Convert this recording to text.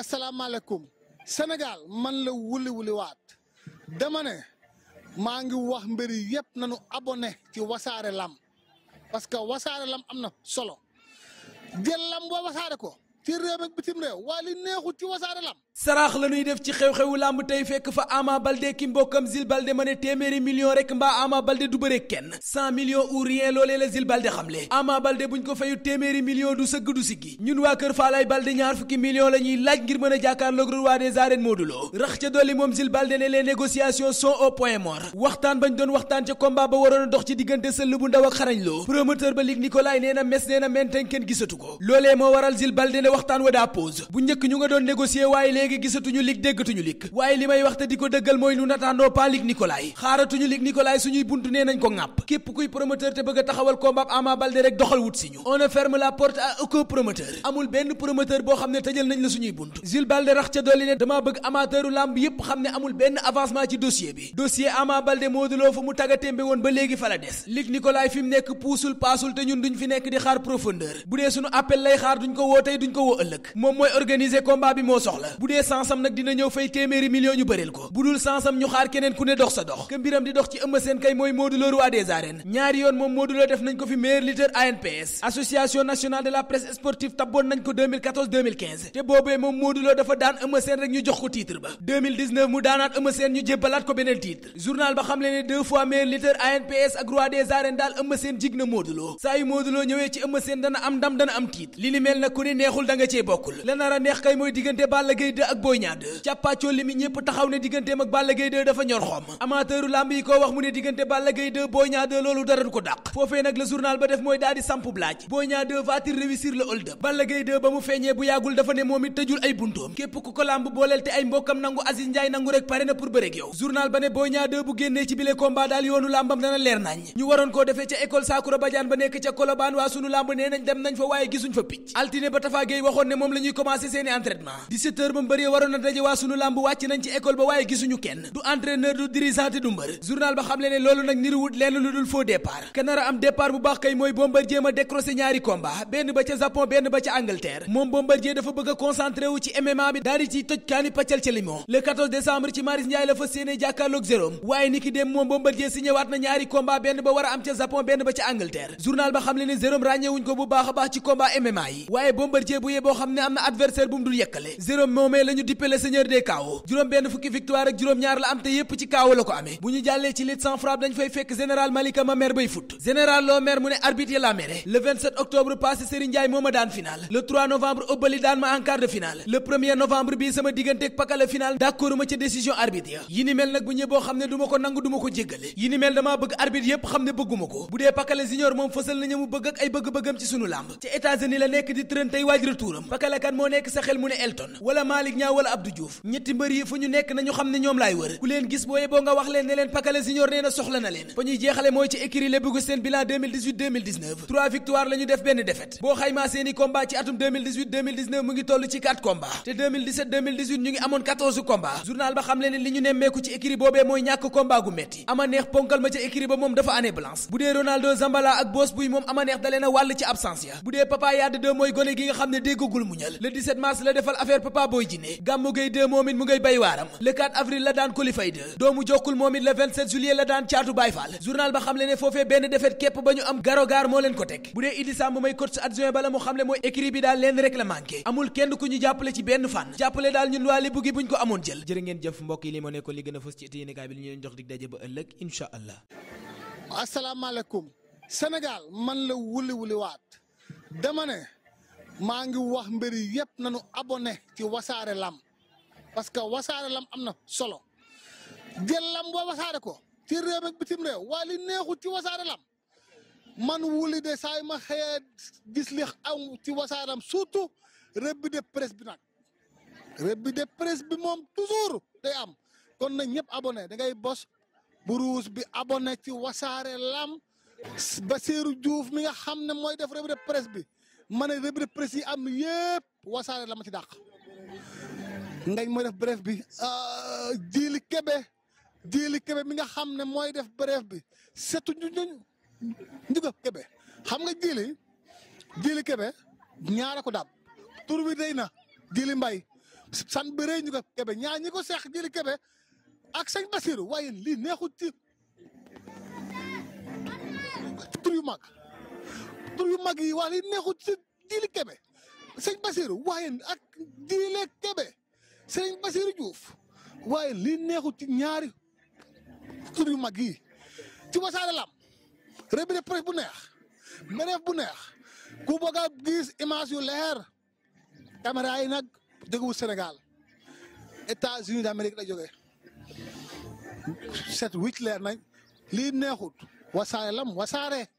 asalaamaaleykum Sénégal man la wuli wuli waat dama maa ngi wax mbir yëpp nañu abonné ci wasaare lam parce que wasaare lam am na solo jël lam boo wasaare ko ci réew ak bitim réew waa li neexul ci wasaare lam saraax la ñuy def ci xew-xewu làmb tey fekk fa Ama Baldé ki mbokkam Zil Baldé ma ne téeméeri million rek mbaa Ama Baldé du bëre kenn cent millions ou rien loolee la Zil xamle Ama Baldé buñ ko fayu téeméeri million du sëgg du siggi ñun waa kër Faalaay Baldé ñaar fukki million la ñuy laaj ngir mën a jàkkaarloog roi des rax ca dolli moom Zil ne les négociations sont au point mort waxtaan bañ doon waxtaan ca combat ba waroon a dox ci diggante sëll bu ndaw ak xarañ loo promoteur ba Luc Nicolaï nee wa daa pause bu njëkk léegi gisatuñu lig déggatuñu lig waaye li may wax te di ko dëggal mooy nu nataandoo pas lig xaaratuñu lig Nicolas suñuy bunt nee nañ ko ŋàpp képp kuy promoteur te bëgg taxawal combat Ama Baldé rek doxal wut si ñu on ne ferme la porte à aucun promoteur amul benn promoteur boo xam ne tëjal nañ la suñuy bunt Jules Baldé rax ca dolli ne damaa bëgg amateuru làmb yépp xam ne amul benn avancement ci dossier bi dossier Ama Baldé moo soxla dee sansam te boobee moom Modou dafa daan Eumeu Sène rek ñu jox ko titre ba mu daanaat Eumeu Sène ñu jébbalaat ko beneen titre journal ba xam le deux fois meilleur lutteur ANPS ak roi des arènes daal Eumeu Sène jig na Modou saa yu Modou ñëwee ci Eumeu Sène dana am ndam dana am titre li li mel na ku ne neexul da nga bokkul la nar a neex kay mooy diggante Balla Gaye ak Boy Niang 2 càppaacoo li mi ñépp taxaw ne digganteem ak Balla Gaye 2 dafa ñor xoom amateuru làmb yi koo wax mu ne diggante Balla Gaye 2 Boy Niang 2 loolu dara du ko dàq foofee nag la journal ba def mooy daal di sampub laaj Boy ba mu feeñee bu yàggul dafa ne moom it tëjul ay buntoom képp ku ko làmb booleel te ay mbokkam nangu Aziz Ndiaye nangu rek pare na pour bëreeg yow journal ba ne Boy Niang bu génnee ci bile combat yoonu làmbam dana leer nañ mbër yi waroon a daje waa sunu làmb wàcc nañ ci école ba waaye gisuñu kenn du entraîneur du dirigeant te du journal ba xamle ne loolu nag niruwut lenn lu dul faux départ ka a am départ bu baax kay mooy Bombardier ma décroché ñaari combat benn ba ca Japon benn ba ca Angleterre moom Bombardier dafa bëgg a ci MMA bi daal di toj kaani paccal ca limon le ci Maris Ndiaye la fa séene jàkkaarloog Jérôme waaye ni moom Bombardier signé la ñu dippe le seigneur des KO juróom benn fukki victoire ak juróom-ñaar la am te yépp ci KO la ko daan ma en quart de finale le 1er bii sama digganteeg pakala final d'accord ma ci décision arbitre yi ni mel nag bu ñëw xam ne du ko nangu du ma ko jéggale yi ni mel damaa bëgg arbitre yépp xam ne bëgguma ko bu dee pakala junior moom fësal nañu mu bëgg ak ay bëgg-bëggam ci sunu làmb ci États-Unis la nekk di trën tey waaj retouram pakala kan moo nekk sa xel mu Malick Niang def benn défaite boo xaymaa seeni combat ci atum mu ngi toll ci 4 combat te ñu ngi amoon 14 combat journal ba xam ne li ñu nemmeeku ci écurie boobee mooy ñàkk combat gu metti ama neex ponkal ma ca écurie ba moom dafa année blanche bu dee Ronaldo Zambala ak Boss Bouy moom ama neex dalee na wàll ci absence ya bu dee Papa Yade 2 mooy gone gi nga xam ne déggagul muñal le 17 mars la defal affaire Papa Boy Guinée Gamou Gueye 2 moom it mu ngay bay waaram le 4 avril la daan Kolifay 2 doomu jokkul moom it le 27 juillet la daan caatu Baye Fall journal ba xam le ne foofee benn defet képp ba ñu am garogaar moo leen ko teg bu dee Idi Samb may coach adjoint bala mu xam mooy écrit bi daal leen rek la manqué amul kenn ku ñu jàppale ci benn fànn jàppale daal ñun waa Lebu gi buñ ko amoon jël jërë ngeen jëf mbokk yi li moo nekkoon li gën a fës ci été yéenekaay maa ngi wax mbëri yëpp nañu abonné ci wasaare lam parce que wasaare lam am na solo jël lam boo wasaare ko ci réew ak bitim réew waa li ci wasaare lam man wuli de saa ma xëyee gis li am ci wasaare lam surtout revue de presse bi nag revue de presse bi moom toujours day am kon na ñëpp abonné da ngay bos buruus bi abonné ci wasaare lam ba Bassirou Diouf mi nga xam ne mooy def revue de presse bi ma ne revue de presse yi am yëpp wasaare la ma ci dàq ngañ mooy def bref bi jiili kebe jiili kebe mi nga xam ne mooy def bref bi setu ñu ñu njuga kebe xam nga jiili jiili kebe ñaara ko daab tur bi day na jiili mbay san bi rëy njuga kebe ñaar ñi ko seex jiili kebe ak sëñ Basiru waaye lii neexut ci tur yu mag tur yu mag yi waa li neexut si Djily Kébé sëñ Basirou waaye ak Djily Kébé sëñ Basirou Diouf waaye li neexut ci ñaari tur yu mag yi ci Wassare Lamb revue de presse bu neex mereef bu neex ku bëgg a gis image yu leer caméra yi nag jógewul Sénégal États-Unis d'Amérique la jógee set wicc leer nañ lii neexut Wassare Lamb Wassare